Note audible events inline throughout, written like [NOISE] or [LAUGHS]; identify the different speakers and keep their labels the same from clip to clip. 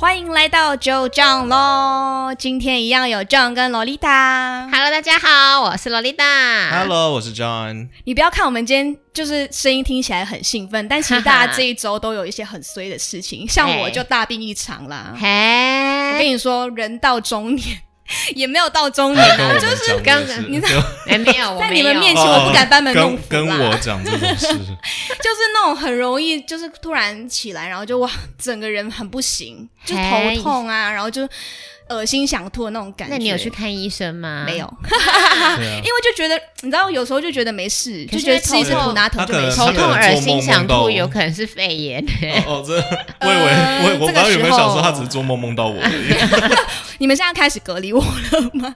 Speaker 1: 歡迎來到就 Jon 蘿咯！Hello. 今天一樣有 Jon 跟蘿莉塔。Hello，大家好，我是洛莉塔。Hello，
Speaker 2: 我是 John。
Speaker 1: 你不要看我們今天就是聲音聽起來很興奮，但其實大家這一周都有一些很衰的事情， [LAUGHS] 像我就大病一場啦。嘿，Hey. Hey. 我跟你說，人到中年。也沒有到中年，就是剛剛你沒有在你們面前，我不敢班門弄斧。跟我講這種事，就是那種很容易，就是突然起來，然後就哇，整個人很不行，就頭痛啊，然後就噁心想吐的那種感覺。那你有去看醫生嗎？沒有，因為就覺得你知道，有時候就覺得沒事，就覺得吃一顆普拿疼就沒事。頭痛、噁心想吐，有可能是肺炎。哦，這我以為，我我剛剛以為想說，他
Speaker 2: 只是做夢夢到我而已。
Speaker 1: 你們現在開始隔離我
Speaker 2: 了嗎？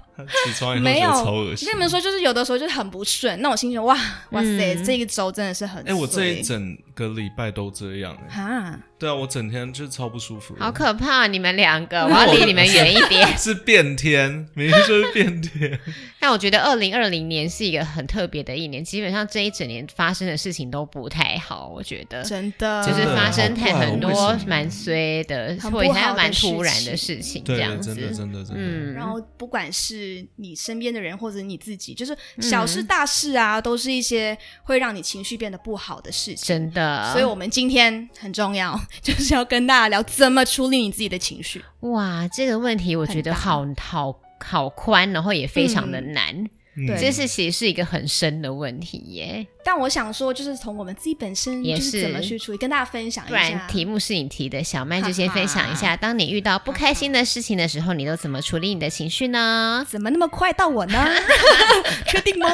Speaker 2: 以沒有。跟你
Speaker 1: 們說，就是有的時候就是很不順，那我心情，哇、嗯、哇塞，這一週真的是很……哎，欸、我這一
Speaker 2: 整。個禮拜都這樣的啊，對啊，我整天就超不舒服，好
Speaker 3: 可怕！你們兩個，我要離你們遠一點。
Speaker 2: 是變天，每天就是變天。
Speaker 3: 但我覺得二零二零年是一個很特別的一年，基本上這一整年發生的事情都不太好，我覺得真的，就是發生太很多蠻衰的，或者還有蠻突然的事情，這樣子，真的，真的，嗯。然後
Speaker 1: 不管是你身邊的人或者你自己，就是小事大事啊，都是一些會讓你情緒變得不好的事情，真的。所以，我們今天很重要，就是要跟大家聊怎麼處理你自己的情緒。
Speaker 3: 哇，這個問題我覺得好大好好寬，然後也非常的難。嗯。這是其實是一個很深的問題耶。
Speaker 1: 但我想說，就是從我們自己本身，就是怎麼去處理，跟大家分享一下。不然，題
Speaker 3: 目是你提的，小曼就先分享一下。當你遇到不開心的事情的時候，你都怎麼處理你的情緒呢？怎麼那
Speaker 1: 麼快到我呢？確定嗎？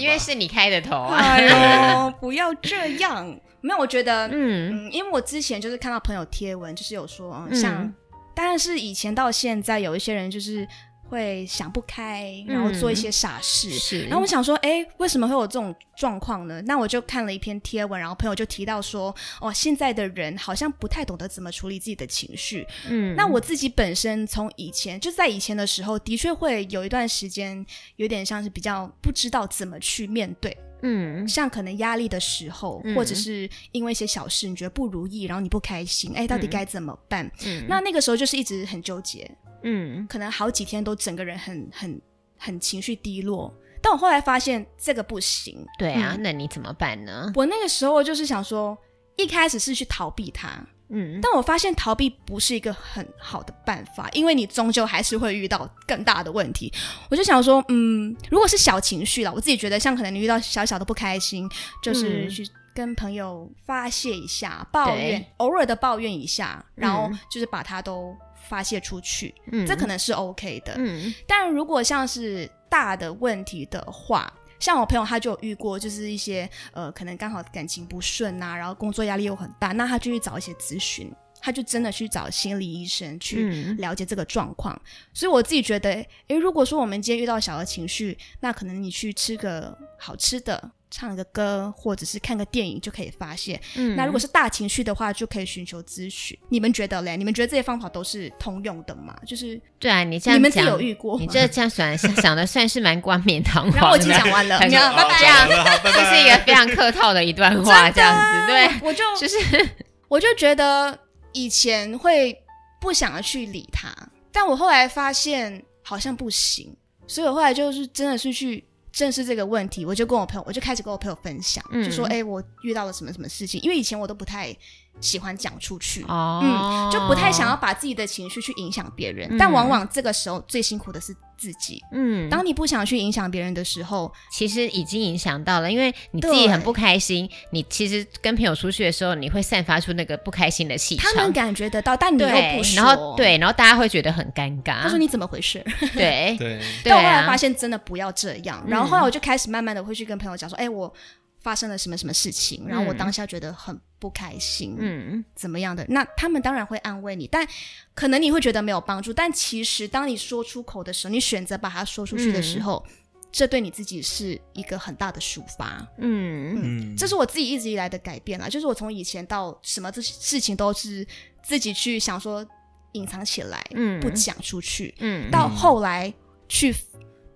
Speaker 1: 因為是你開的頭。哎呦，不要這樣。沒有，我覺得，嗯，因為我之前就是看到朋友貼文，就是有說，像，但是以前到現在，有一些人就是。會想不開，然後做一些傻事。嗯、是，然後我想說，哎，為什麼會有這種狀況呢？那我就看了一篇貼文，然後朋友就提到說，哦，現在的人好像不太懂得怎麼處理自己的情緒。嗯，那我自己本身從以前，就在以前的時候，的確會有一段時間，有點像是比較不知道怎麼去面對。嗯，像可能壓力的時候，嗯、或者是因為一些小事，你覺得不如意，然後你不開心，哎，到底該怎麼辦？嗯嗯、那那個時候就是一直很糾結。嗯，可能好幾天都整個人很很很情緒低落。但我後來發現這個不行。對啊，嗯、那你怎麼辦呢？我那個時候就是想說，一開始是去逃避他。嗯，但我發現逃避不是一個很好的辦法，因為你終究還是會遇到更大的問題。我就想說，嗯，如果是小情緒了，我自己覺得，像可能你遇到小小的不開心，就是去跟朋友發泄一下，嗯、抱怨，對偶爾的抱怨一下，然後就是把它都。發洩出去，這可能是 OK 的。嗯嗯、但如果像是大的問題的話，像我朋友他就有遇過，就是一些呃，可能剛好感情不順啊，然後工作壓力又很大，那他就去找一些諮詢，他就真的去找心理醫生去了解這個狀況。嗯、所以我自己覺得，誒，如果說我們今天遇到小的情緒，那可能你去吃個好吃的，唱個歌，或者是看個電影就可以發洩。嗯，那如果是大情緒的話，就可以尋求諮詢。你們覺得嘞？你們覺得這些方法都是通用的嗎？就是對啊，
Speaker 3: 你這樣講，你們有遇過嗎？你這這樣算想的算是蠻冠冕堂皇，然後我已經講完了，拜拜。這是一個非常客套的一段話，這樣子對。
Speaker 1: 我就就是，我就覺得以前會不想要去理他，但我後來發現好像不行，所以我後來就是真的是去。正視這個問題，我就跟我朋友，我就開始跟我朋友分享，嗯、就說：“哎、欸，我遇到了什麼什麼事情？”因為以前我都不太。喜歡講出去，哦，嗯，就不太想要把自己的情緒去影響別人，但往往這個時候最辛苦的是自己。嗯，當你不想去影響別人的時候，其實已經影響到了，因為你自己很不
Speaker 3: 開心。你其實跟朋友出去的時候，你會散發出那個不開心的氣場，他們感覺得到，但你又不說，然後對，然後大家會覺得很尷尬。他說你怎麼回事？對
Speaker 1: 對。但我後來發現真的不要這樣，然後後來我就開始慢慢的會去跟朋友講說，哎，我發生了什麼什麼事情，然後我當下覺得很。不開心，嗯，怎麼樣的？嗯、那他們當然會安慰你，但可能你會覺得沒有幫助。但其實，當你說出口的時候，你選擇把它說出去的時候，嗯、這對你自己是一個很大的抒發。嗯嗯，嗯，這是我自己一直以來的改變啦，就是我從以前到什麼這些事情都是自己去想說隱藏起來，嗯，不講出去，嗯，到後來去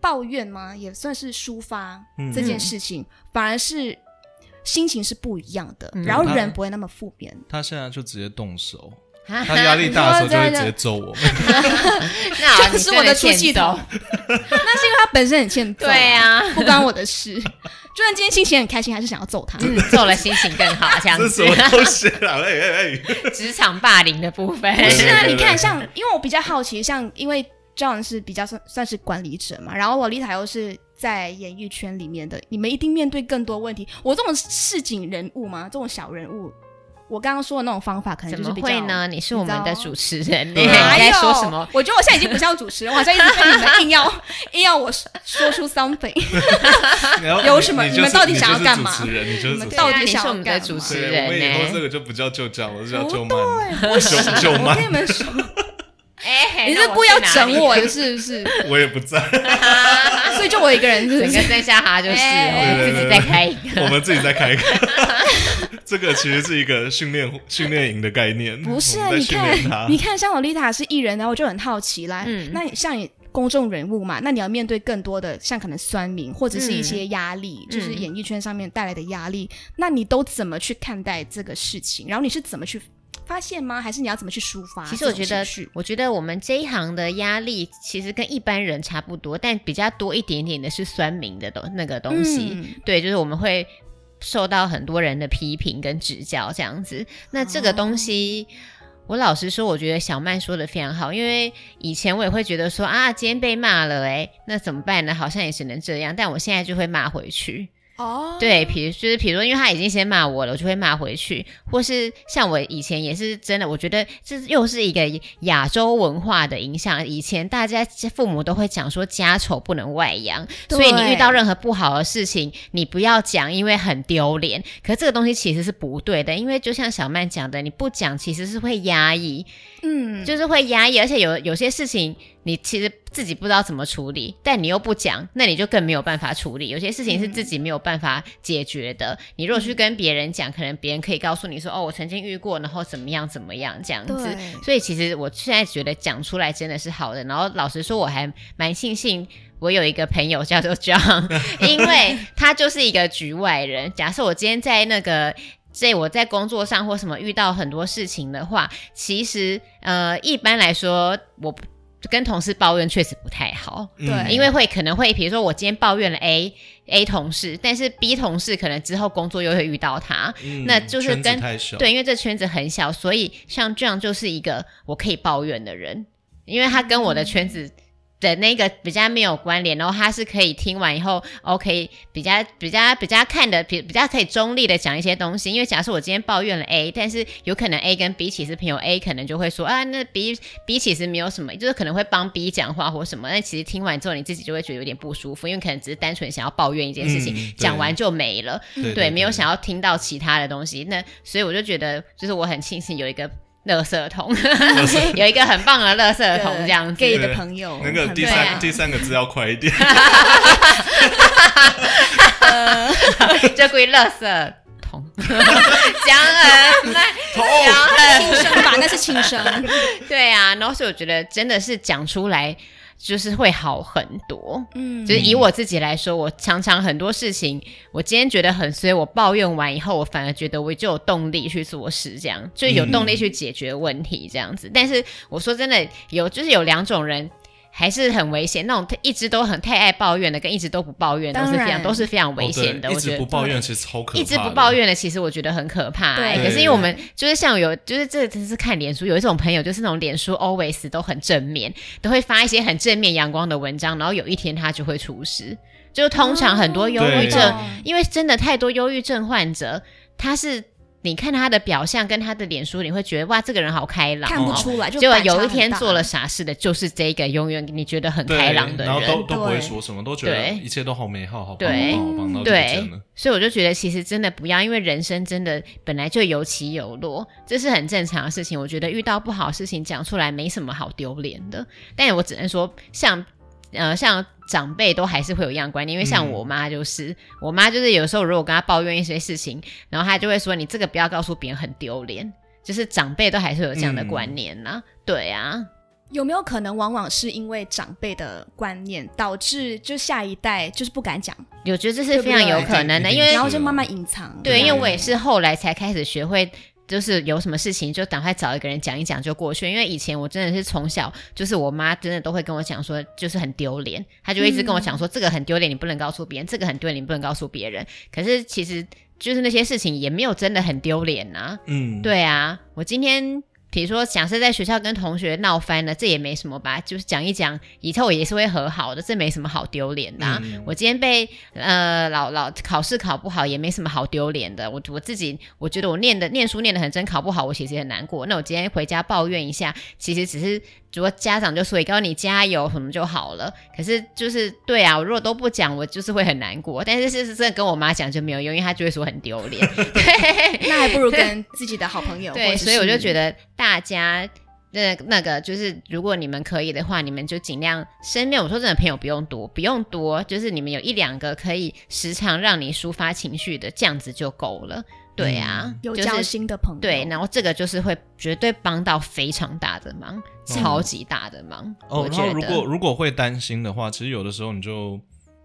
Speaker 1: 抱怨嗎？也算是抒發這件事情，嗯、反而是。心情是不一樣的，然後人不會那麼負面。
Speaker 2: 他現在就直接動手，
Speaker 1: 他壓力大的時候就會直接揍我。那不是我的出氣筒，那是因為他本身很欠揍。對啊，不關我的事。就算今天心情很開心，還是想要揍他，揍了心情更好，這樣子。都是
Speaker 3: 了，哎哎，職場霸凌的部分。不是啊，你看，像
Speaker 1: 因為我比較好奇，像因為 John 是比較算算是管理者嘛，然後我 Lolita 又是，在演藝圈裡面的你們一定面對更多問題。我這種市井人物嗎？這種小人物，我剛剛說的那種方法，可能就是比較呢。你是我們的主
Speaker 3: 持人，你應該說什麼？我覺得我現在已經不叫主持人，我好像一直被你們硬要
Speaker 1: 硬要我說說出 something。有什麼？你們到底想要幹嘛？你
Speaker 2: 們到底想幹嘛？主持人，我以後這個就不叫就醬，我是叫就曼。我什
Speaker 1: 麼我跟你們說。
Speaker 3: 你是故意要整我的是不是？我也不在，所以就我一個人，整個在下哈就是我們自己再開一個，我們自己再
Speaker 2: 開一個。這個其實是一個訓練訓練營的概念，
Speaker 1: 不是啊，你看，你看像蘿莉塔是藝人，然後我就很好奇啦。嗯，那像公眾人物嘛，那你要面對更多的像可能酸民或者是一些壓力，就是演藝圈上面帶來的壓力，那你都怎麼去看待這個事情？然後你是怎麼去？發現嗎？還是你要怎麼去抒發？其實我覺得，
Speaker 3: 我覺得我們這一行的壓力其實跟一般人差不多，但比較多一點點的是酸民的東那個東西。嗯、對，就是我們會受到很多人的批評跟指教這樣子。那這個東西，嗯、我老實說，我覺得小曼說的非常好。因為以前我也會覺得說啊，今天被罵了哎、欸，那怎麼辦呢？好像也只能這樣。但我現在就會罵回去。哦，oh. 對，比如就是，比如說因為他已經先罵我了，我就會罵回去，或是像我以前也是真的，我覺得這又是一個亞洲文化的影響。以前大家父母都會講說，家醜不能外揚，對所以你遇到任何不好的事情，你不要講，因為很丟臉。可是這個東西其實是不對的，因為就像小曼講的，你不講其實是會壓抑，
Speaker 1: 嗯，
Speaker 3: 就是會壓抑，而且有有些事情。你其實自己不知道怎麼處理，但你又不講，那你就更沒有辦法處理。有些事情是自己沒有辦法解決的。嗯、你如果去跟別人講，可能別人可以告訴你說：“嗯、哦，我曾經遇過，然後怎麼樣怎麼樣這樣子。對”所以其實我現在覺得講出來真的是好的。然後老實說，我還蠻慶幸,幸我有一個朋友叫做 Jon，因為他就是一個局外人。 [LAUGHS] 假設我今天在那個在我在工作上或什麼遇到很多事情的話，其實呃一般來說我。跟同事抱怨確實不太好，對、嗯，因為會可能會比如說我今天抱怨了 A A 同事，但是 B 同事可能之後工作又會遇到他。嗯、那就是跟對，因為這圈子很小，所以像 John 就是一個我可以抱怨的人，因為他跟我的圈子，嗯。圈子的那個比較沒有關聯，然後他是可以聽完以後，OK，比較比較比較看的，比比較可以中立的講一些東西。因為假設我今天抱怨了 A，但是有可能 A 跟 B 其實是朋友，A 可能就會說啊，那 B B 其實沒有什麼，就是可能會幫 B 講話或什麼。但其實聽完之後，你自己就會覺得有點不舒服，因為可能只是單純想要抱怨一件事情，嗯，講完就沒了，對，對，對，對，沒有想要聽到其他的東西。那所以我就覺得，就是我很慶幸有一個。垃圾桶 [LAUGHS] 有一個很棒的垃圾桶，這樣子 [LAUGHS] 給你的朋友。那個第三
Speaker 2: 第三個字要快一點，
Speaker 3: [LAUGHS] [LAUGHS] [LAUGHS] 這歸垃圾桶。 [LAUGHS] 講啊演，講啊 [LAUGHS] 演，輕聲吧，那是輕聲。對啊，然後是、， [LAUGHS] 啊 no, 是我覺得真的是講出來。就是會好很多，嗯，就是以我自己來說，我常常很多事情，我今天覺得很衰，所以我抱怨完以後，我反而覺得我就有動力去做事，這樣，就有動力去解決問題，這樣子。嗯，但是我說真的，有，就是有兩種人。還是很危險，那種一直都很太愛抱怨的，跟一直都不抱怨然都是非常都是非常危險的。我覺得一直不抱怨其
Speaker 2: 實超可怕。一直不抱
Speaker 3: 怨的其實我覺得很可怕、欸。對，對，對，可是因為我們就是像有就是這次看臉書，有一種朋友就是那種臉書 always 都很正面，都會發一些很正面陽光的文章，然後有一天他就會出事。就通常很多憂鬱症，哦、因為真的太多憂鬱症患者，他是。你看他的表象跟他的臉書，你會覺得哇，這個人好開朗，看不出來就。結果有一天做了傻事的，就是這個永遠你覺得很開朗的人，然後都都不會說什麼，都覺得
Speaker 2: 一切都好美好，好棒，對好棒，對
Speaker 3: 對所以我就覺得，其實真的不要，因為人生真的本來就有起有落，這是很正常的事情。我覺得遇到不好事情講出來，沒什麼好丟臉的。但我只能說，像。呃，像長輩都還是會有一樣觀念，因為像我媽就是，嗯、我媽就是有時候如果跟她抱怨一些事情，然後她就會說：“你這個不要告訴別人，很丟臉。”就是長輩都還是會有這樣的觀念呢、啊。嗯、對啊，
Speaker 1: 有沒有可能往往是因為長輩的觀念導致就下一代就是不敢講？我，
Speaker 3: 覺得這是非常有可能的，因為然後就慢
Speaker 1: 慢隱藏。對，對啊、因為我也
Speaker 3: 是後來才開始學會。就是有什麼事情就趕快找一個人講一講就過去，因為以前我真的是從小就是我媽真的都會跟我講說，就是很丟臉，她就一直跟我講說這個很丟臉，你不能告訴別人，嗯、這個很丟臉，你不能告訴別人。可是其實就是那些事情也沒有真的很丟臉吶，嗯，對啊，我今天。比如說，假設在學校跟同學鬧翻了，這也沒什麼吧，就是講一講，以後也是會和好的，這沒什麼好丟臉的啊。嗯，我今天被呃老老，老考試考不好，也沒什麼好丟臉的。我我自己我覺得我念的念書念得很真，考不好我其實也很難過。那我今天回家抱怨一下，其實只是如果家長就說你你加油什麼就好了。可是就是對啊，我如果都不講，我就是會很難過。但是事實上跟我媽講就沒有用，因為她就會說很丟
Speaker 1: 臉。 [LAUGHS] 對 [LAUGHS] 那還不如跟自己的好朋友。 [LAUGHS] 對,者對，所以我就覺得。
Speaker 3: 大家的那，那個就是，如果你們可以的話，你們就盡量身邊我說真的朋友不用多，不用多，就是你們有一兩個可以時常讓你抒發情緒的，這樣子就夠了。嗯、對啊，有交心的朋友、就是。對，然後這個就是會絕對幫到非常大的忙，嗯、超級大的忙。哦，如果
Speaker 2: 如果會擔心的話，其實有的時候你就。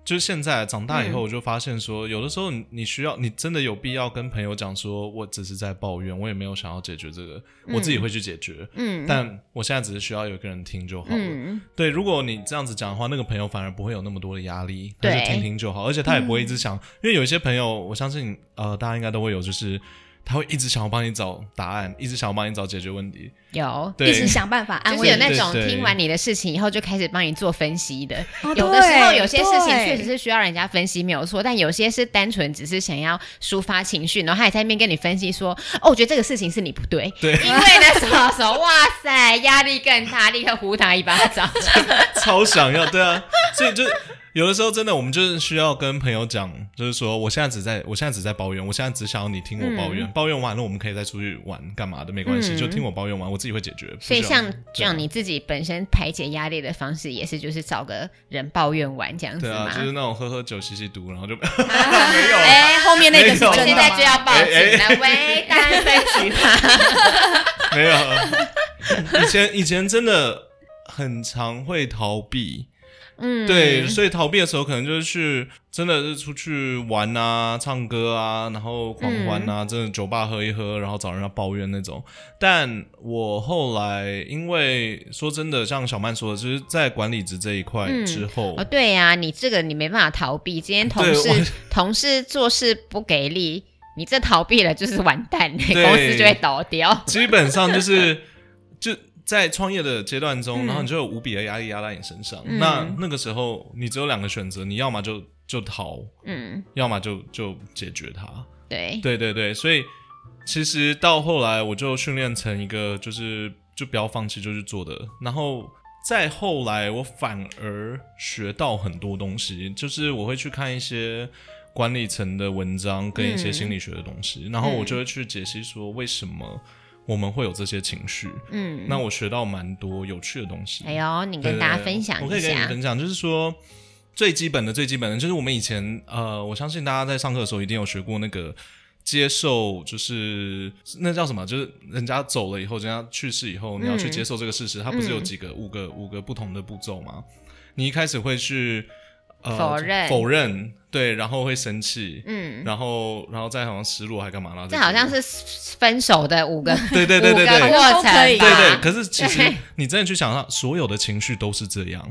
Speaker 2: 就是現在長大以後，我就發現說，有的時候你需要，嗯、你真的有必要跟朋友講，說我只是在抱怨，我也沒有想要解決這個，嗯、我自己會去解決。嗯，但我現在只是需要有個人聽就好了。嗯、對，如果你這樣子講的話，那個朋友反而不會有那麼多的壓力，對，就聽聽就好，對而且他也不會一直想。嗯、因為有一些朋友，我相信呃，大家應該都會有，就是。他會一直想要幫你找答案，一直想要幫你找解決問題。
Speaker 3: 有，對一直想辦法安慰。有那種聽完你的事情以後就開始幫你做分析的。對對對，有的時候有些事情確實是需要人家分析沒有錯，啊、但有些是單純只是想要抒發情緒，然後他也在那邊跟你分析說：“對哦，我覺得這個事情是你不對。”對，因為那時候說：“ [LAUGHS] 哇塞，壓力更大！”立刻呼他一巴掌。
Speaker 2: [LAUGHS] 超想要，對啊，所以就。有的時候真的，我們就是需要跟朋友講，就是說，我現在只在，我現在只在抱怨，我現在只想要你聽我抱怨。抱怨完了，我們可以再出去玩，幹嘛的沒關係，就聽我抱怨完，我自己會解決。
Speaker 3: 所以像這樣，你自己本身排解壓力的方式，也是就是找個人抱怨完這樣子。對啊，就是
Speaker 2: 那種喝喝酒、吸吸毒，然後就沒有。哎，後面那個時候現在就要報警來圍單來舉牌。沒有。以前以前真的很常會逃避。嗯，對，所以逃避的時候，可能就是去真的是出去玩啊、唱歌啊，然後狂歡啊，嗯、真的酒吧喝一喝，然後找人家抱怨那種。但我後來，因為說真的，像小曼說的，就是在管理職這一塊之後啊、嗯哦，
Speaker 3: 對呀、啊，你這個你沒辦法逃避。今天同事同事做事不給力，你這逃避了就是完蛋，對公司就會倒掉。
Speaker 2: 基本上就是 [LAUGHS] 就。在創業的階段中，然後你就有無比的壓力壓在你身上。嗯、那那個時候，你只有兩個選擇：你要麼就就逃，嗯，要麼就就解決它。對，對對對。所以其實到後來，我就訓練成一個就是就不要放棄，就去做的。然後再後來，我反而學到很多東西，就是我會去看一些管理層的文章，跟一些心理學的東西，嗯、然後我就會去解析說為什麼，我們會有這些情緒，嗯，那我學到蠻多有趣的東西。哎呦，你跟大家分享一下。我可以跟你分享，就是說最基本的、最基本的，就是我們以前，呃，我相信大家在上課的時候一定有學過那個接受，就是那叫什麼？就是人家走了以後，人家去世以後，嗯、你要去接受這個事實。它不是有幾個、嗯、五個、五個不同的步驟嗎？你一開始會去呃否認否認。對，然後會生氣，嗯，然後，然後再好像失落，還幹嘛啦？這，這
Speaker 3: 好像是分手的五個，嗯、對對對
Speaker 2: 對對過程吧、啊？好啊、對，對。可是其實對你真的去想，想，所有的情緒都是這樣，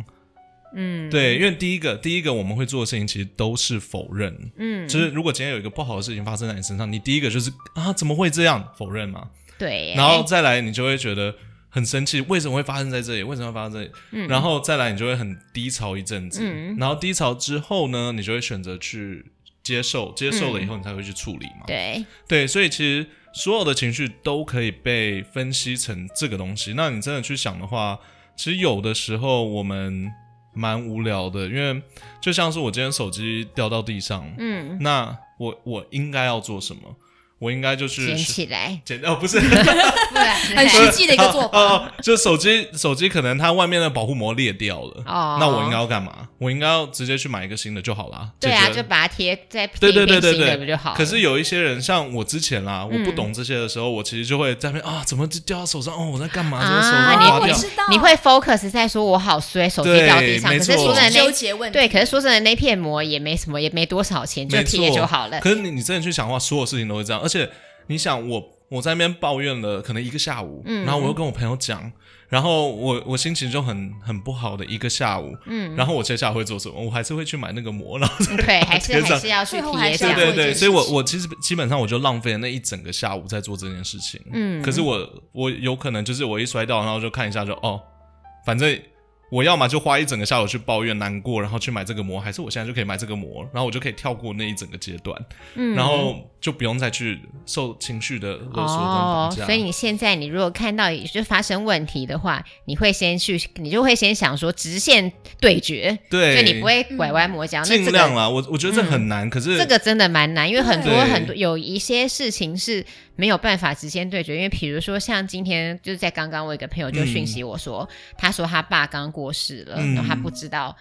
Speaker 1: 嗯，對。
Speaker 2: 因為第一個，第一個我們會做的事情其實都是否認，嗯，就是如果今天有一個不好的事情發生在你身上，你第一個就是啊，怎麼會這樣？否認嘛、啊，
Speaker 3: 對。然後
Speaker 2: 再來，你就會覺得。很生氣，為什麼會發生在這裡？為什麼會發生在這裡？嗯。然後再來，你就會很低潮一陣子。嗯。然後低潮之後呢，你就會選擇去接受，接受了以後，你才會去處理嘛。嗯。對對，所以其實所有的情緒都可以被分析成這個東西。那你真的去想的話，其實有的時候我們蠻無聊的，因為就像是我今天手機掉到地上，嗯，那我我應該要做什麼？我應該就是撿起來，撿哦，不是對。很實際的一個做法哦。就手機，手機可能它外面的保護膜裂掉了，哦，那我應該要幹嘛？我應該要直接去買一個新的就好了。對啊，就
Speaker 3: 把它貼在，對對對對對，不就好？可是
Speaker 2: 有一些人，像我之前啦，我不懂這些的時候，我其實就會在那邊啊，怎麼就掉到手上？哦，我在幹嘛？你不知道。
Speaker 3: 你會 focus 在說，我好衰，手機掉地
Speaker 2: 上。可是說真
Speaker 1: 的那，糾結問題。對，
Speaker 3: 可是說真的，那片膜也沒什麼，也沒多少錢，就貼就好了。可
Speaker 2: 是你你真的去想的話，所有事情都會這樣。而且，你想我我在那邊抱怨了可能一個下午，嗯，然後我又跟我朋友講，然後我我心情就很很不好的一個下午，嗯，然後我接下來會做什麼？我還是會去買那個膜，嗯，然後對，還是還是要去貼，後對對對，所以我我其實基本上我就浪費了那一整個下午在做這件事情，嗯，可是我我有可能就是我一摔掉，然後就看一下就哦，反正。我要麼就花一整個下午去抱怨難過，然後去買這個膜，還是我現在就可以買這個膜，然後我就可以跳過那一整個階段，嗯、然後就不用再去受情緒的勒索跟綁架，哦，所以你
Speaker 3: 現在，你如果看到就發生問題的話，你會先去，你就會先想說直線對決，對，就你不會拐彎抹角。盡量啦，
Speaker 2: 我我覺得這很難，嗯，可是這個
Speaker 3: 真的蠻難，因為很多對很多有一些事情是。沒有辦法直接對決，因為比如說像今天就是在剛剛，我一個朋友就訊息我說，嗯、他說他爸剛過世了，嗯、然後他不知道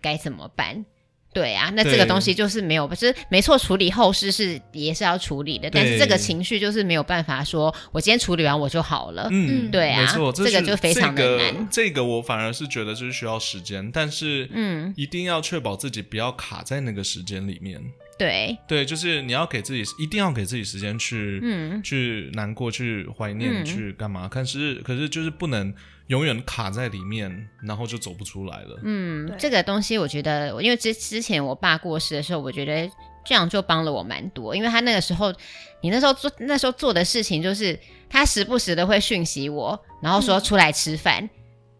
Speaker 3: 該怎麼辦。對啊，那這個東西就是沒有，是對沒錯，處理後事是也是要處理的，對但是這個情緒就是沒有辦法說，我今天處理完我就好了。嗯，嗯，對啊，這，這個就非常的難。
Speaker 2: 這個我反而是覺得就是需要時間，但是嗯，一定要確保自己不要卡在那個時間裡面。對對，就是你要給自己，一定要給自己時間去，嗯，去難過，去懷念，嗯、去幹嘛？可是可是就是不能永遠卡在裡面，然後就走不出來了。
Speaker 3: 嗯，對這個東西我覺得，因為之之前我爸過世的時候，我覺得這樣就幫了我蠻多，因為他那個時候，你那時候做那時候做的事情，就是他時不時的會訊息我，然後說出來吃飯，嗯、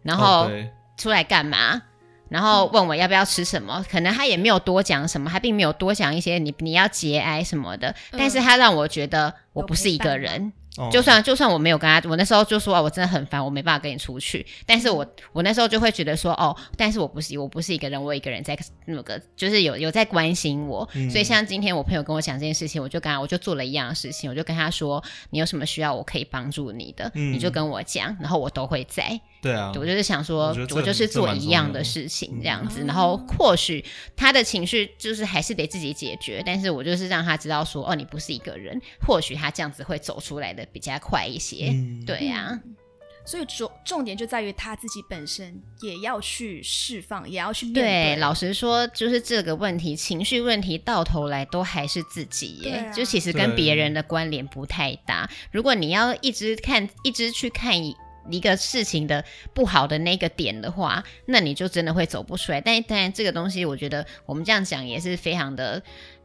Speaker 3: 然後出來幹嘛？Okay 然後問我要不要吃什麼，嗯、可能他也沒有多講什麼，他並沒有多講一些你你要節哀什麼的，嗯、但是他讓我覺得我不是一個人。就算就算我沒有跟他，我那時候就說啊，我真的很煩，我沒辦法跟你出去。但是我我那時候就會覺得說，哦，但是我不是我不是一個人，我一個人在那個就是有有在關心我。嗯，所以像今天我朋友跟我講這件事情，我就跟他我就做了一樣的事情，我就跟他說，你有什麼需要我可以幫助你的，嗯，你就跟我講，然後我都會在。
Speaker 2: 對啊，對，我就是
Speaker 3: 想說，我，我就是做一樣的事情這，的這樣子。然後或許他的情緒就是還是得自己解決，嗯，但是我就是讓他知道說，哦，你不是一個人，或許他這樣子會走出來的。比較快一些，嗯、對呀、
Speaker 1: 啊，所以重重點就在於他自己本身也要去釋放，也要去面對，對。
Speaker 3: 老實說，就是這個問題，情緒問題到頭來都還是自己耶，啊、就其實跟別人的關聯不太大。對如果你要一直看，一直去看一個事情的不好的那個點的話，那你就真的會走不出來。但是，當然，這個東西我覺得我們這樣講也是非常的，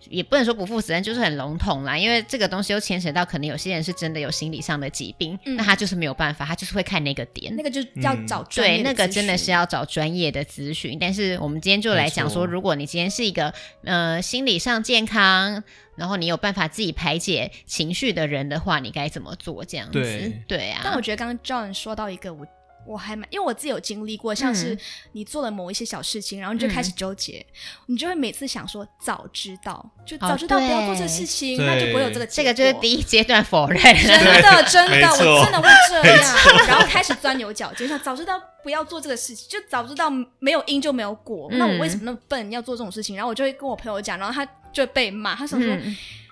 Speaker 3: 也不能說不負責任，就是很籠統啦。因為這個東西又牽扯到，可能有些人是真的有心理上的疾病，嗯、那他就是沒有辦法，他就是會看那個點。那個就要找專業的、嗯。對，那個真的是要找專業的諮詢。但是我們今天就來講說，沒錯。如果你今天是一個呃心理上健康，然後你有辦法自己排解情緒的人的話，你該怎麼做？這樣子。對，對
Speaker 1: 啊。但我覺得剛剛 John 說到一個我。我還蠻，因為我自己有經歷過，像是你做了某一些小事情，然後你就開始糾結，你就會每次想說早知道就早知道不要做這個事情，那就不會有這個。這個
Speaker 3: 就是第一階段否認，真的真的我真的會這樣，然後開
Speaker 1: 始鑽牛角尖，想早知道不要做這個事情，就早知道沒有因就沒有果，那我為什麼那麼笨要做這種事情？然後我就會跟我朋友講，然後他就被罵，他想說。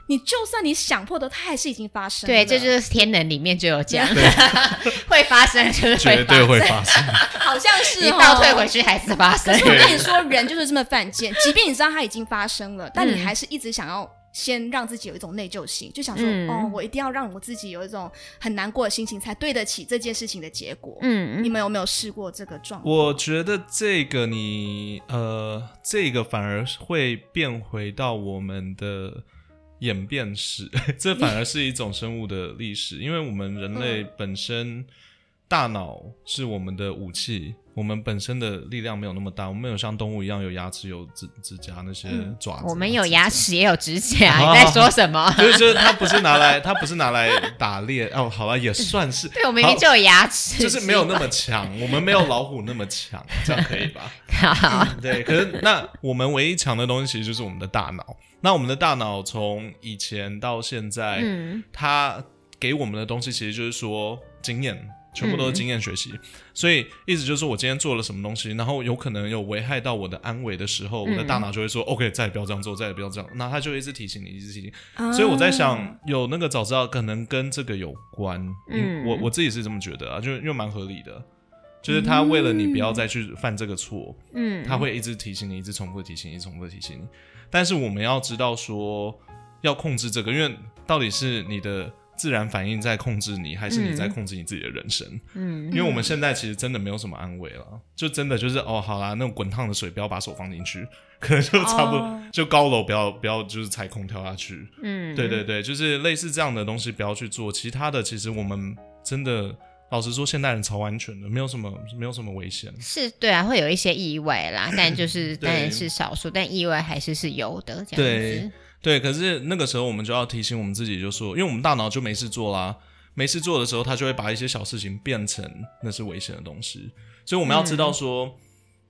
Speaker 1: 你就算你想破頭，它還是已經發生了。對，這就是
Speaker 3: 天能裡面就有這樣講，Yeah.
Speaker 1: 對 [LAUGHS] 會發生，就是、發生絕對會發生， [LAUGHS] 好像是、哦。你倒退回去還是發生。可 [LAUGHS] 是我跟你說，人就是這麼犯賤。對即便你知道它已經發生了，但你還是一直想要先讓自己有一種內疚心，嗯、就想說，哦，我一定要讓我自己有一種很難過的心情，才對得起這件事情的結果。嗯，你們有沒有試過這個狀況？我
Speaker 2: 覺得這個你，呃，這個反而會變回到我們的。演變史，這反而是一種生物的歷史，Yeah. 因為我們人類本身。大腦是我們的武器，我們本身的力量沒有那麼大，我們沒有像動物一樣有牙齒、有指指甲那些爪子。我
Speaker 3: 們有牙齒也有指甲，你在說什麼？就是它不是
Speaker 2: 拿來，它不是拿來打獵哦。好了，也算是。對，我明明就有
Speaker 3: 牙齒，就是沒有那
Speaker 2: 麼強。我們沒有老虎那麼強，這樣可以吧？對，可是那我們唯一強的東西，其實就是我們的大腦。那我們的大腦從以前到現在，嗯，它給我們的東西，其實就是說經驗。全部都是經驗學習，所以意思就是說我今天做了什麼東西，然後有可能有危害到我的安危的時候，我的大腦就會說、嗯、OK，再也不要這樣做，再也不要這樣。那他就一直提醒你，一直提醒。啊、所以我在想，有那個早知道可能跟這個有關，嗯，我我自己是這麼覺得啊，就因為蠻合理的，就是他為了你不要再去犯這個錯，嗯，他會一直提醒你，一直重複提醒，一直重複提醒你。但是我們要知道說，要控制這個，因為到底是你的。自然反應在控制你，還是你在控制你自己的人生？嗯，因為我們現在其實真的沒有什麼安慰了，嗯、就真的就是哦，好啦，那種滾燙的水不要把手放進去，可能就差不多；哦、就高樓不要不要，不要就是踩空跳下去。嗯，對對對，就是類似這樣的東西不要去做。其他的其實我們真的老實說，現代人超安全的，沒有什麼沒有什麼危險。
Speaker 3: 是，對啊，會有一些意外啦，但就是 [LAUGHS] 對但是是少數，但意外還是是有的這樣子。對。
Speaker 2: 對，可是那個時候我們就要提醒我們自己，就說，因為我們大腦就沒事做啦，沒事做的時候，它就會把一些小事情變成那是危險的東西，所以我們要知道說，嗯、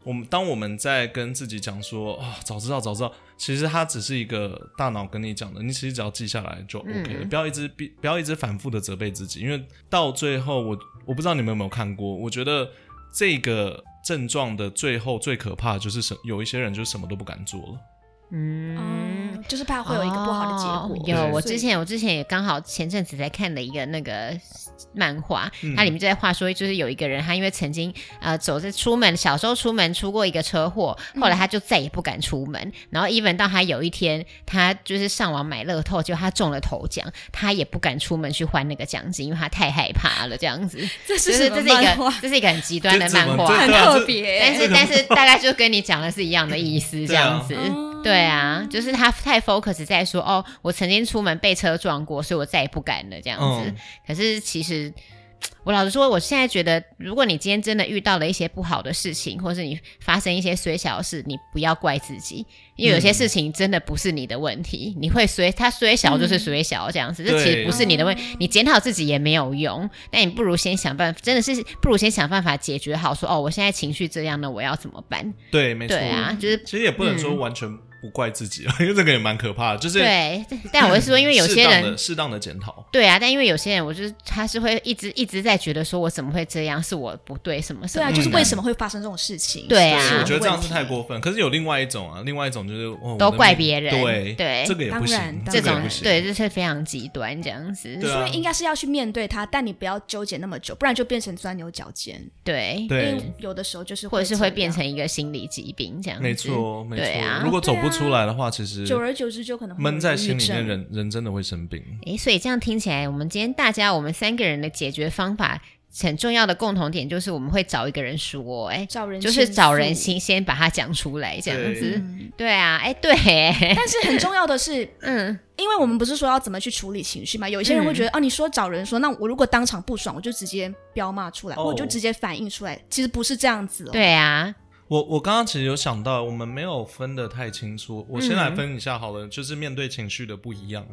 Speaker 2: 我們當我們在跟自己講說啊、哦，早知道早知道，其實它只是一個大腦跟你講的，你其實只要記下來就 OK 了，嗯、不要一直不要一直反覆的責備自己，因為到最後我我不知道你們有沒有看過，我覺得這個症狀的最後最可怕就是什，有一些人就什麼都不敢做了，
Speaker 3: 嗯。
Speaker 1: 就是怕會有一個不好的結果。有，我之前我之
Speaker 3: 前也剛好前陣子在看了一個那個漫畫，它裡面就在話說，就是有一個人，他因為曾經呃走著出門小時候出門出過一個車禍，後來他就再也不敢出門。然後 even 到他有一天，他就是上網買樂透，就他中了頭獎，他也不敢出門去換那個獎金，因為他太害怕了。這樣子，這是這是一個這是一個很極端的漫畫，很特別。但是但是大概就跟你講的是一樣的意思，這樣子。對啊，就是他太。太 focus 在說哦，我曾經出門被車撞過，所以我再也不敢了這樣子。嗯、可是其實我老實說，我現在覺得，如果你今天真的遇到了一些不好的事情，或是你發生一些衰小事，你不要怪自己，因為有些事情真的不是你的問題。嗯、你會隨它衰小，就是衰小這樣子，這、嗯、其實不是你的問題。對你檢討自己也沒有用，那你不如先想辦法，真的是不如先想辦法解決好說。說哦，我現在情緒這樣呢，我要怎麼辦？對，沒錯啊，就
Speaker 2: 是其實也不能說完全、嗯。不怪自己啊，因為這個也蠻可怕的，就是對。但我是說，因為有些人適當的檢討，
Speaker 3: 對啊。但因為有些人，我就是他是會一直一直在覺得說，我怎麼會這樣？是我不對，什麼事？對啊，就是為什麼會發生這種事情？對啊，我覺得這樣是
Speaker 2: 太過分。可是有另外一種啊，另
Speaker 3: 外一種就是都怪別人。對對，這個也不行，這種對，這是非常極端
Speaker 1: 這樣子，所以應該是要去面對他，但你不要糾結那麼久，不然就變成鑽牛角尖。對對，因為有的時候就是或者是會變成一個
Speaker 3: 心理疾病這樣子。沒錯，沒
Speaker 2: 錯，對啊。如果走不出來的話，其實久而久之就可能悶在心裡面人，人、嗯、人真的會生病。
Speaker 3: 誒、欸，所以這樣聽起來，我們今天大家我們三個人的解決方法很重要的共同點就是，我們會找一個人說，誒、欸，
Speaker 1: 找人就是找人
Speaker 3: 心，先把它講出來，這樣子。對，
Speaker 1: 嗯、對啊，誒、欸，對。但是很重要的是， [LAUGHS] 嗯，因為我們不是說要怎麼去處理情緒嘛？有些人會覺得，嗯、哦，你說找人說，那我如果當場不爽，我就直接飆罵出來，哦、我就直接反應出來。其實不是這樣子哦。對啊。
Speaker 2: 我我剛剛其實有想到，我們沒有分得太清楚。我先來分一下好了，嗯、就是面對情緒的不一樣。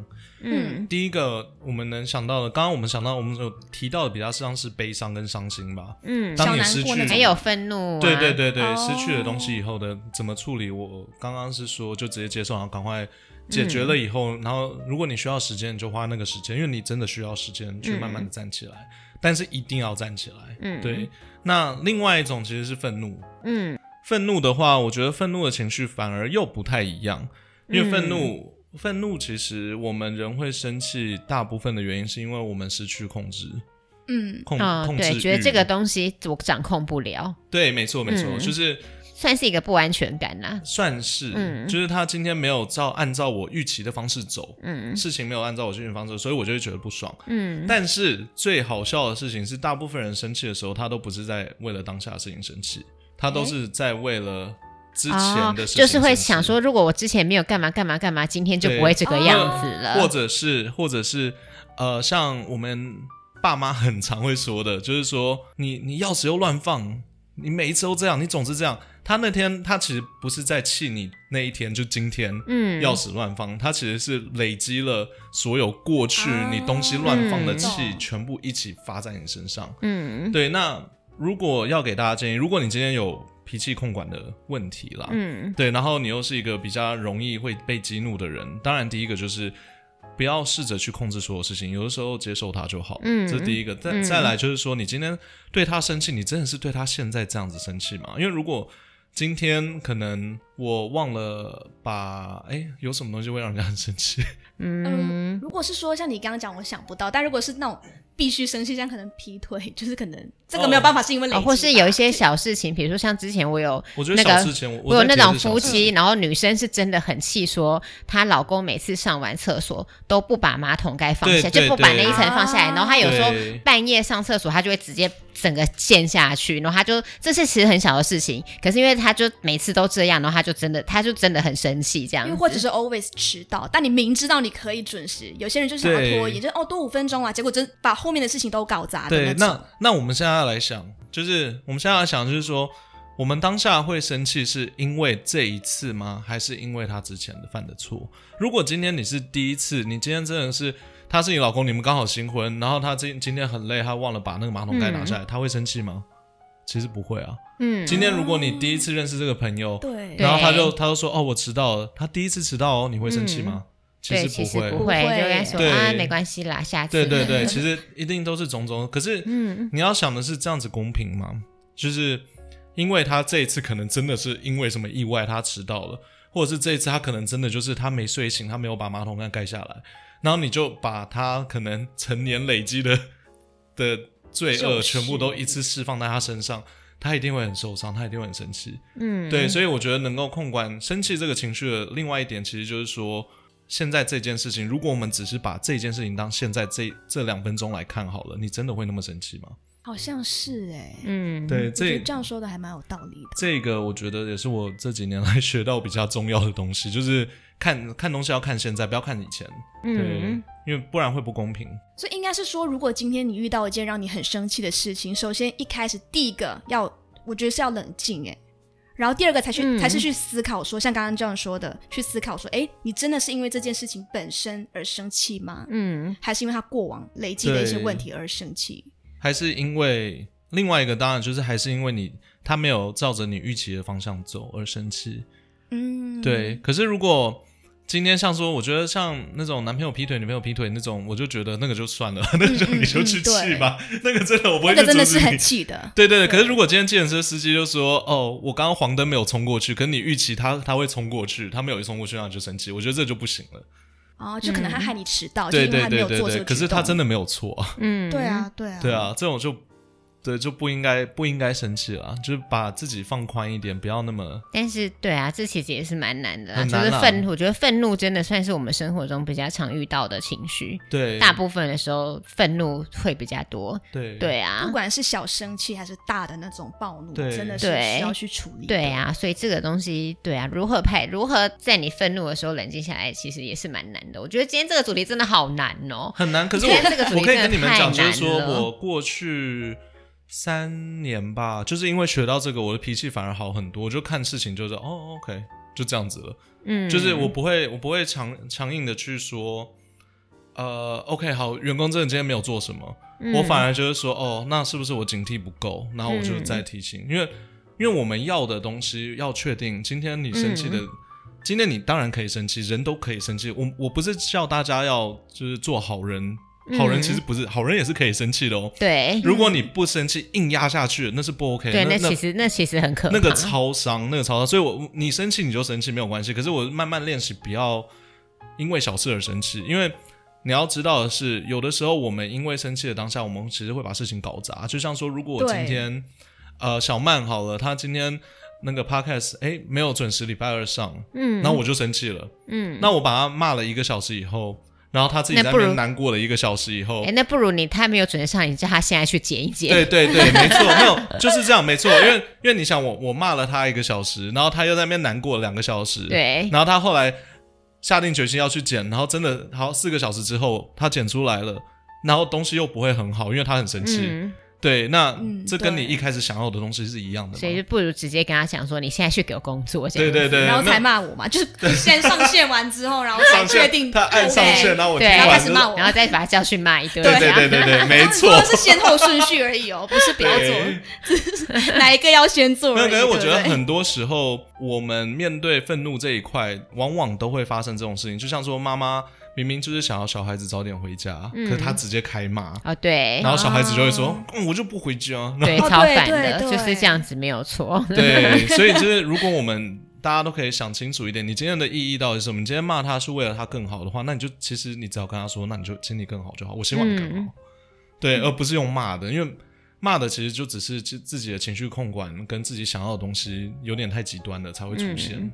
Speaker 2: 嗯，嗯第一個我們能想到的，剛剛我們想到，我們有提到的，比較像是悲傷跟傷心吧。嗯，
Speaker 3: 當你失去沒有憤怒、啊，對對對
Speaker 2: 對，哦、失去了東西以後的怎麼處理我？我剛剛是說就直接接受，然後趕快解決了以後，嗯、然後如果你需要時間，你就花那個時間，因為你真的需要時間去慢慢的站起來，嗯、但是一定要站起來。嗯，對。那另外一種其實是憤怒。嗯。憤怒的話，我覺得憤怒的情緒反而又不太一樣，因為憤怒，嗯、憤怒其實我們人會生氣，大部分的原因是因為我們失去控制，嗯，控、哦、控制慾，對，覺得這
Speaker 3: 個東西我掌控不了，對，沒錯，沒錯，嗯、就是算是一個不安全感啦、啊，算是，嗯、
Speaker 2: 就是他今天沒有照按照我預期的方式走，嗯，事情沒有按照我預期的方式，所以我就會覺得不爽，
Speaker 1: 嗯，但
Speaker 2: 是最好笑的事情是，大部分人生氣的時候，他都不是在為了當下的事情生氣。他都是在為了之前的時、欸哦，就是會想
Speaker 3: 說，如果我之前沒有幹嘛幹嘛幹嘛，今天就不會這個樣子了，呃。或
Speaker 2: 者是，或者是，呃，像我們爸媽很常會說的，就是說，你你鑰匙又亂放，你每一次都這樣，你總是這樣。他那天他其實不是在氣你那一天，就今天，嗯，鑰匙亂放，他其實是累積了所有過去你東西亂放的氣，嗯，全部一起發在你身上。嗯，對，那。如果要給大家建議，如果你今天有脾氣控管的問題啦，嗯，對，然後你又是一個比較容易會被激怒的人，當然第一個就是不要試着去控制所有事情，有的時候接受他就好，嗯，這是第一個。再再來就是說，你今天對他生氣，你真的是對他現在這樣子生氣嗎？因為如果今天可能我忘了把哎、欸、有什麼東西會讓人家很生氣，嗯，嗯，
Speaker 1: 如果是說像你剛剛講，我想不到。但如果是那種必須生氣，這樣可能劈腿，就是可能。這個沒有辦法，是因為哦，或
Speaker 3: 是有一些小事情，比如說像之前我有那個我,小我,小我有那種夫妻，對然後女生是真的很氣說，說對她老公每次上完廁所都不把馬桶蓋放下對對對就不把那一層放下來，啊、然後她有時候半夜上廁所，她就會直接整個陷下去，然後她就這是其實很小的事情，可是因為他就每次都這樣，然後他就真的他就真的很生氣這樣，因為或者是
Speaker 1: always 遲到，但你明知道你可以準時，有些人就想要拖延，對也就哦多五分鐘啊，結果真把後面的事情都搞砸。對，那
Speaker 2: 種那,那我們現在。下來想，就是我們現在想，就是說，我們當下會生氣是因為這一次嗎？還是因為他之前的犯的錯？如果今天你是第一次，你今天真的是他是你老公，你們剛好新婚，然後他今今天很累，他忘了把那個馬桶蓋拿下來，嗯、他會生氣嗎？其實不會啊。嗯，今天如果你第一次認識這個朋友，對，然後他就他就說哦，我遲到了，他第一次遲到哦，你會生氣嗎？嗯其實不會，不會。不會說，對、啊，沒關
Speaker 3: 係啦，下次。對對對， [LAUGHS] 其實
Speaker 2: 一定都是種種。可是，嗯嗯，你要想的是這樣子公平嗎？嗯、就是因為他這一次可能真的是因為什麼意外他遲到了，或者是這一次他可能真的就是他沒睡醒，他沒有把馬桶蓋蓋下來，然後你就把他可能成年累積的的罪惡全部都一次釋放在他身上，他一定會很受傷，他一定會很生氣。嗯，對，所以我覺得能夠控管生氣這個情緒的另外一點，其實就是說。現在這件事情，如果我們只是把這件事情當現在這這兩分鐘來看好了，你真的會那麼生氣嗎？
Speaker 1: 好像是哎。嗯，對，這這樣說的還蠻有道理的。
Speaker 2: 這個我覺得也是我這幾年來學到比較重要的東西，就是看看東西要看現在，不要看以前，
Speaker 1: 對，
Speaker 2: 嗯，因為不然會不公平。
Speaker 1: 所以應該是說，如果今天你遇到一件讓你很生氣的事情，首先一開始第一個要，我覺得是要冷靜，哎。然後第二個才去，嗯、才是去思考說，像剛剛這樣說的，去思考說，哎，你真的是因為這件事情本身而生氣嗎？嗯，還是因為他過往累積的一些問題而生氣？
Speaker 2: 還是因為另外一個，當然就是還是因為你他沒有照着你預期的方向走而生氣？嗯，對。可是如果。今天像說，我覺得像那種男朋友劈腿、女朋友劈腿那種，我就覺得那個就算了，嗯嗯嗯 [LAUGHS] 那就你就去氣吧。對那個真的我不會。那個真的是很氣的。對對對。對可是如果今天計程車司機就說：“哦，我剛剛黃燈沒有衝過去，可是你預期他他會衝過去，他沒有一衝過去，那就生氣。”我覺得這就不行了。
Speaker 1: 哦，就可能他害你遲到，對、嗯、就因為他沒有做這個舉動、對對對對，可是他真的沒有錯、啊。嗯，對啊，對
Speaker 2: 啊。對啊，這種就。對，就不應該不應該生氣了，就是把自己放寬一點，不要那麼。
Speaker 3: 但是，對啊，這其實也是蠻難的。很難。就是憤怒，我覺得憤怒真的算是我們生活中比較常遇到的情緒。對。大部分的時候，憤怒會比較多。對。對啊，
Speaker 1: 不管是小生氣還是大的那種暴怒，對，真的是需要去處理。對。對啊，
Speaker 3: 所以這個東西，對啊，如何排，如何在你憤怒的時候冷靜下來，其實也是蠻難的。我覺得今天這個主題真的好難哦，很難。可是我，因為
Speaker 2: 這個主題真的太難了。我可以跟你們講，就是說我過去。三年吧，就是因為學到這個，我的脾氣反而好很多。我就看事情就是，哦，OK，就這樣子了。嗯，
Speaker 1: 就是我
Speaker 2: 不會，我不會強強硬的去說，呃，OK，好，員工，真的今天沒有做什麼，嗯、我反而就是說，哦，那是不是我警惕不夠？然後我就再提醒，嗯、因為，因為我們要的東西要確定。今天你生氣的，嗯、今天你當然可以生氣，人都可以生氣。我我不是叫大家要就是做好人。好人其實不是、嗯、好人，也是可以生氣的哦。對，如果你不生氣，硬壓下去，那是不 OK 的。對，那，那其實
Speaker 3: 那，那其實很可怕。那個超
Speaker 2: 傷，那個超傷。所以我你生氣你就生氣，沒有關係。可是我慢慢練習，不要因為小事而生氣。因為你要知道的是，有的時候我們因為生氣的當下，我們其實會把事情搞砸，就像說，如果我今天對呃小曼好了，她今天那個 podcast 哎、欸、沒有準時禮拜二上，嗯，那我就生氣了，嗯，那我把她罵了一個小時以後。然後他自己在那邊難過了一個小時以後，哎，
Speaker 3: 那不如你太沒有準備上，你叫他現在去剪一剪。對對對，沒錯，沒有 [LAUGHS] 就
Speaker 2: 是這樣，沒錯。因為因為你想我我罵了他一個小時，然後他又在那邊難過了兩個小時。對。然後他後來下定決心要去剪，然後真的，好四個小時之後他剪出來了，然後東西又不會很好，因為他很生氣。嗯對，那這跟你一開始想要的東西是一樣的，所
Speaker 3: 以不如直接跟他講說，你現在去給我工作，對對對，然後才罵我嘛，就是
Speaker 1: 先上線完之後，然後才確定他按上線，然後我開始罵
Speaker 3: 我，然後再把他叫
Speaker 1: 去罵一頓，
Speaker 2: 對對對對，沒錯，都是
Speaker 1: 先後順序而已哦，不是不要做，是哪一個要先做？那可我覺得很
Speaker 2: 多時候我們面對憤怒這一塊，往往都會發生這種事情，就像說媽媽。明明就是想要小孩子早點回家，嗯、可是他直接開罵啊！對，然後小孩子就會說：“啊、嗯，我就不回家。那對，超反的，啊、就是這樣子，沒有錯。
Speaker 3: 對， [LAUGHS] 所以就是
Speaker 2: 如果我們大家都可以想清楚一點，你今天的意義到底是什麼？你今天罵他是為了他更好的話，那你就其實你只要跟他說：“那你就請你更好就好。”我希望你更好，嗯、對，而不是用罵的，因為罵的其實就只是自自己的情緒控管跟自己想要的東西有點太極端了才會出現。嗯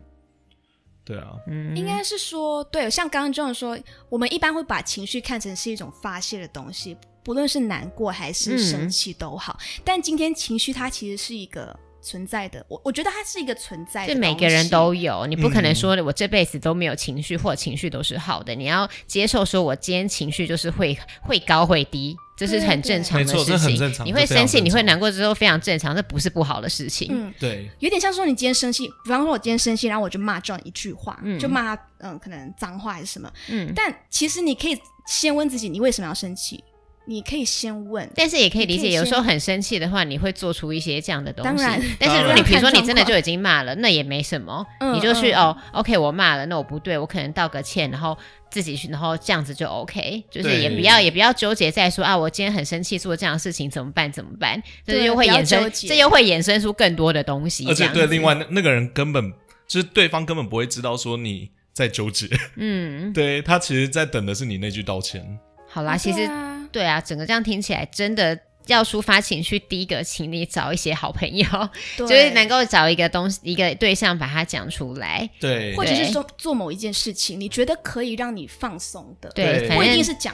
Speaker 2: 對啊，
Speaker 1: 嗯，應該是說，對，像剛剛這樣說，我們一般會把情緒看成是一種發洩的東西，不論是難過還是生氣都好，嗯，但今天情緒它其實是一個。存在的，我我覺得它是一個存在的，這每個人都
Speaker 3: 有，你不可能說，我這輩子都沒有情緒，嗯、或情緒都是好的，你要接受，說我今天情緒就是會會高會低，這是很正常的事情，你會生氣，你會難過，之後非常正常，這不是不好的事情。嗯，對，
Speaker 1: 有點像說你今天生氣，比方說我今天生氣，然後我就罵 John 一句話，嗯、就罵嗯，可能髒話還是什麼，嗯，但其實你可以先問自己，你為什麼要生氣？你可以先問，但是也可以理解，有時候
Speaker 3: 很生氣的話，你會做出一些這樣的東西。當然，但是如果你比如說你真的就已經罵了，那也沒什麼，你就去哦，OK，我罵了，那我不對，我可能道個歉，然後自己去，然後這樣子就 OK，就是也不要也不要糾結在說啊，我今天很生氣，做這樣的事情怎麼辦？怎麼辦？這又會衍生，這又會衍生出更多的東西。而且對，另外
Speaker 2: 那那個人根本就是對方根本不會知道說你在糾結，嗯，對他其實在等的是你那句道歉。
Speaker 3: 好啦，其實。對啊，整個這樣聽起來，真的要抒發情緒，第一個，請你找一些好朋友，對就是能夠找一個東西、一個對象，把它講出來。
Speaker 2: 對，對或
Speaker 1: 者是說做某一件事情，你覺得可以讓你放鬆的。對，不對正一定是講。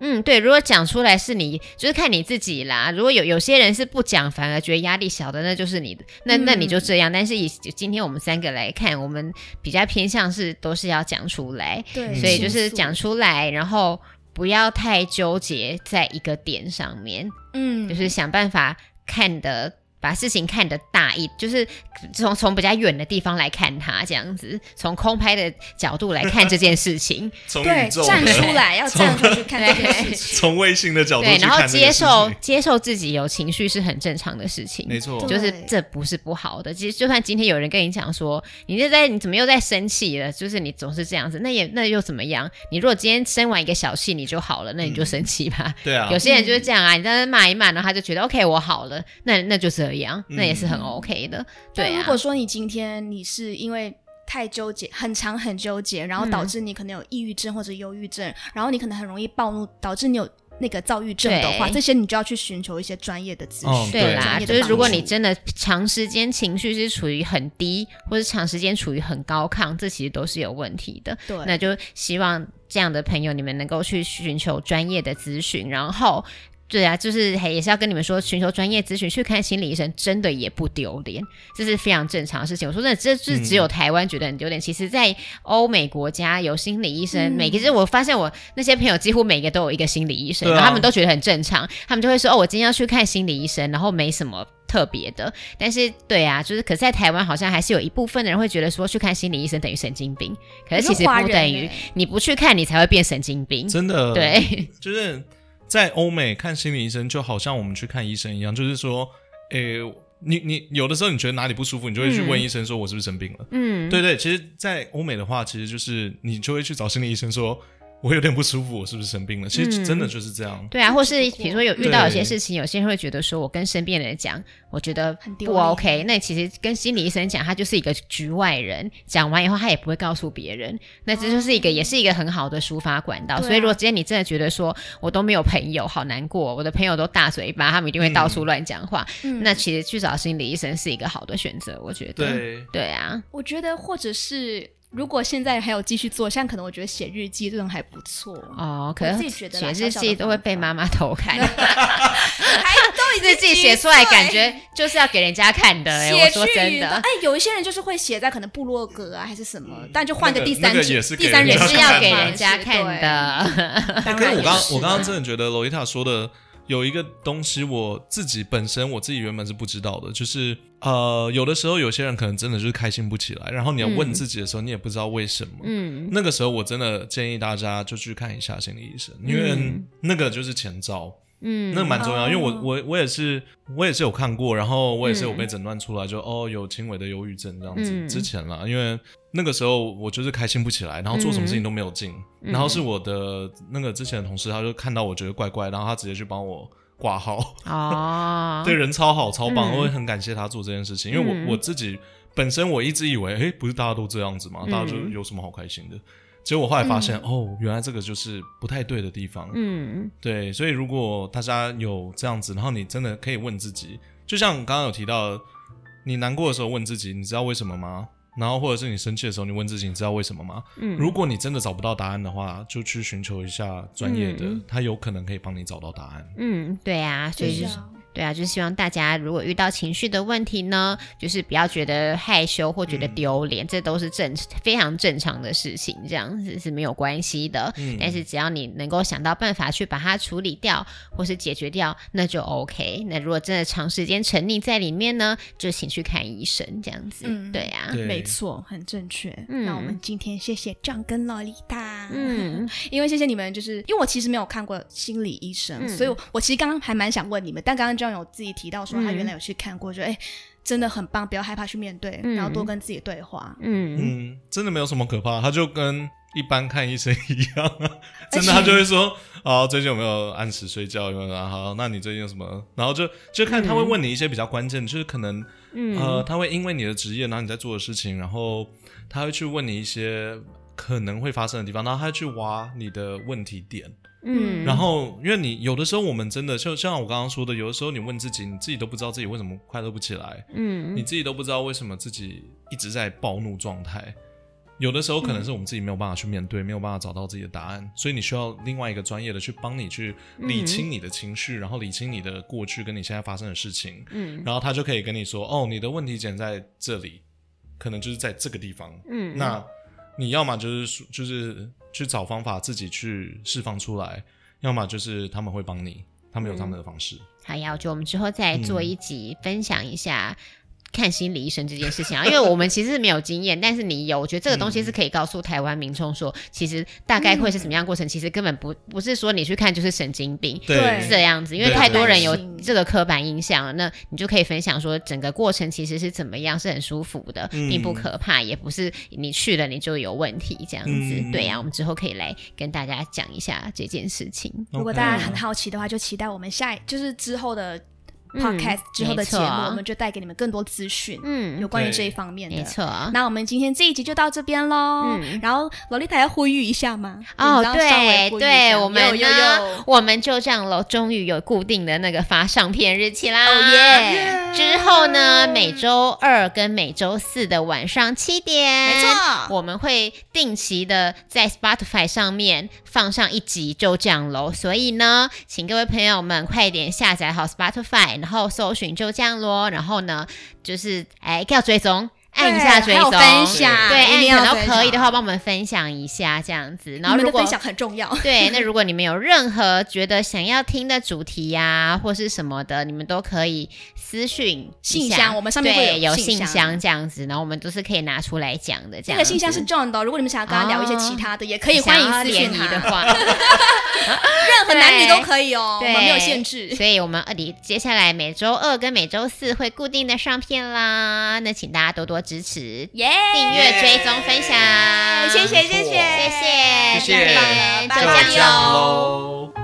Speaker 1: 嗯，
Speaker 3: 對。如果講出來是你，就是看你自己啦。如果有有些人是不講，反而覺得壓力小的，那就是你，那、嗯、那你就這樣。但是以今天我們三個來看，我們比較偏向是都是要講出來，對嗯、所以就是講出來，然後。不要太糾結在一個點上面，嗯，就是想辦法看得。把事情看得大一，就是從從比較遠的地方來看它，這樣子，從空拍的角度來看這件事情，站出來要站出來，從
Speaker 2: 衛 [LAUGHS] 星的角度看，對，然後接受
Speaker 3: 接受自己有情緒是很正常的事情，沒錯錯，就是這不是不好的。其實就算今天有人跟你講說，你就在你怎麼又在生氣了？就是你總是這樣子，那也那又怎麼樣？你如果今天生完一個小氣，你就好了，那你就生氣吧，嗯。對啊，有些人就是這樣啊，你在那罵一罵，然後他就覺得、嗯、OK，我好了，那那就是。啊、
Speaker 1: 那也是很 OK 的。對、嗯，如果說你今天你是因為太糾結、很長很糾結，然後導致你可能有抑鬱症或者憂鬱症，嗯、然後你可能很容易暴怒，導致你有那個躁鬱症的話，對這些你就要去尋求一些專業的諮詢。哦、對啦、啊，就是如果你真
Speaker 3: 的長時間情緒是處於很低，或者長時間處於很高亢，這其實都是有問題的。對，那就希望這樣的朋友你們能夠去尋求專業的諮詢，然後。對啊，就是嘿也是要跟你們說，尋求專業諮詢去看心理醫生，真的也不丟臉，這是非常正常的事情。我說真的，這是只有台灣覺得很丟臉。嗯、其實，在歐美國家有心理醫生，嗯、每個……人我發現我那些朋友幾乎每個都有一個心理醫生，啊、然後他們都覺得很正常，他們就會說：“哦，我今天要去看心理醫生，然後沒什麼特別的。”但是，對啊，就是可是在台灣好像還是有一部分的人會覺得說去看心理醫生等於神經病，可是其實不等於你不去看你才會變神經病，真的對，
Speaker 2: 就是。在歐美看心理醫生就好像我們去看醫生一樣，就是說，誒、欸，你你有的時候你覺得哪裡不舒服，你就會去問醫生說，我是不是生病了？嗯，嗯，對對對，其實，在歐美的話，其實就是你就會去找心理醫生說。我有點不舒服，我是不是生病了？嗯、其實真的就是這樣。對啊，或是比如說有遇到有些事
Speaker 3: 情，對有些人會覺得說，我跟身邊人講，我覺得不 OK。那其實跟心理醫生講，他就是一個局外人，講完以後他也不會告訴別人。那這就是一個，嗯、也是一個很好的抒發管道。啊、所以，如果今天你真的覺得說我都沒有朋友，好難過，我的朋友都大嘴巴，他們一定會到處亂講話。嗯、那其實去找心理醫生是一個好的選擇，我覺得。對對啊，
Speaker 1: 我覺得或者是。如果現在還有繼續做，像可能我覺得寫日記這種還不錯哦，可能自己覺得寫日記都
Speaker 3: 會被媽媽偷看。
Speaker 1: 哈哈哈哈哈！日記寫出來對感覺就是要給
Speaker 3: 人家看的，欸，寫 我說真的。
Speaker 1: 哎，有一些人就是會寫在可能部落格啊還是什麼，但就換個
Speaker 2: 第三者，第三者是要給人家
Speaker 3: 看的啊。但是我剛我剛剛
Speaker 2: 真的覺得蘿莉塔說的。有一個東西，我自己本身我自己原本是不知道的，就是呃，有的時候有些人可能真的就是開心不起來，然後你要問自己的時候，你也不知道為什麼。嗯，那個時候我真的建議大家就去看一下心理醫生，因為那個就是前兆。嗯，那蠻重要，哦、因為我我我也是我也是有看過，然後我也是有被診斷出來，嗯、就哦有輕微的憂鬱症這樣子。嗯、之前啦，因為那個時候我就是開心不起來，然後做什麼事情都沒有勁，嗯、然後是我的那個之前的同事，他就看到我覺得怪怪，然後他直接去幫我掛號
Speaker 3: 啊，哦、 [LAUGHS] 對，
Speaker 2: 人超好超棒，我也、嗯、很感謝他做這件事情，因為我、嗯、我自己本身我一直以為哎，不是大家都這樣子嘛，大家就有什麼好開心的。其實我後來發現，嗯、哦，原來這個就是不太對的地方。嗯，對，所以如果大家有這樣子，然後你真的可以問自己，就像剛剛有提到，你難過的時候問自己，你知道為什麼嗎？然後或者是你生氣的時候，你問自己，你知道為什麼嗎？嗯，如果你真的找不到答案的話，就去尋求一下專業的，嗯、他有可能可以幫你找到答案。嗯，
Speaker 3: 對呀、啊，所以、就是。對啊，就是希望大家如果遇到情緒的問題呢，就是不要覺得害羞或覺得丟臉，嗯、這都是正非常正常的事情，這樣子是沒有關係的。嗯，但是只要你能夠想到辦法去把它處理掉或是解決掉，那就 OK。那如果真的長時間沉溺在裡面呢，
Speaker 1: 就請去看醫生，這樣子。嗯，對啊，對沒錯，很正確。嗯、那我們今天謝謝 Jon 跟蘿莉塔。嗯，因為謝謝你們，就是因為我其實沒有看過心理醫生，嗯、所以我，我其實剛剛還蠻想問你們，但剛剛 Jon 有自己提到說他原來有去看過，嗯、就哎、欸、真的很棒，不要害怕去面對，嗯、然後多跟自己對話。嗯
Speaker 2: 嗯，真的沒有什麼可怕，他就跟一般看醫生一樣， [LAUGHS] 真的他就會說，好且、啊、最近有沒有按時睡覺？有沒有？好，那你最近有什麼？然後就就看他會問你一些比較關鍵，嗯、就是可能、嗯、呃他會因為你的職業，然後你在做的事情，然後他會去問你一些。可能會發生的地方，然後他去挖你的問題點，嗯，然後因為你有的時候我們真的就像我剛剛說的，有的時候你問自己，你自己都不知道自己為什麼快樂不起來，嗯，你自己都不知道為什麼自己一直在暴怒狀態，有的時候可能是我們自己沒有辦法去面對，嗯、沒有辦法找到自己的答案，所以你需要另外一個專業的去幫你去理清你的情緒，嗯、然後理清你的過去跟你現在發生的事情，嗯，然後他就可以跟你說，哦，你的問題點在這裡，可能就是在這個地方，嗯，那。你要麼就是就是去找方法自己去釋放出來，要麼就是他們會幫你，他們有他們的方式。
Speaker 3: 好呀，我覺得我們之後再做一集，分享一下。嗯看心理醫生這件事情啊，因為我們其實是沒有經驗， [LAUGHS] 但是你有，我覺得這個東西是可以告訴台灣民眾說，嗯、其實大概會是什麼樣的過程，嗯、其實根本不不是說你去看就是神經病對這樣子，因為太多人有這個刻板印象了，對對對，那你就可以分享說整個過程其實是怎麼樣，是很舒服的，嗯、並不可怕，也不是你去了你就有問題這樣子，嗯、對啊，我們之後可以來跟大家講一下這件事情，如果大家很
Speaker 1: 好奇的話，就期待我們下一就是之後的。Podcast 之後的節目，我們就帶給你們更多資訊，嗯，有關於這一方面的。沒錯啊，那我們今天這一集就到這邊嘍。然後蘿莉塔要呼籲一下嗎？哦，對對，我們悠，我們
Speaker 3: 就這樣嘍，終於有固定的那個發上片日期啦，耶！之後呢，每周二跟每周四的晚上七點，沒錯，我們會定期的在 Spotify 上面放上一集，就這樣嘍。所以呢，請各位朋友們快點下載好 Spotify。然後搜尋，就這樣咯，然後呢，就是，哎，要追蹤。按一下追蹤，對，按一下，然後可以的話，幫我們分享一下這樣子。然後如果分享很
Speaker 1: 重要，對，那如
Speaker 3: 果你們有任何覺得想要聽的主題呀，或是什麼的，你們都可以私信信箱，我們上面對有信箱這樣子，然後我們都是可以拿出來講的。這個信箱是
Speaker 1: Jon 的，如果你們想要跟他聊一些其他的，也可以歡迎私信他的話，任何男女都可以哦，對，沒有限制。
Speaker 3: 所以我們二迪接下來每週二跟每週四會固定的上片啦，那請大家多多。支持，yeah, 訂閱、yeah, 追蹤、分享，yeah, 謝謝，錯謝謝，
Speaker 1: 謝謝，謝謝，就這樣嘍。 [NOISE]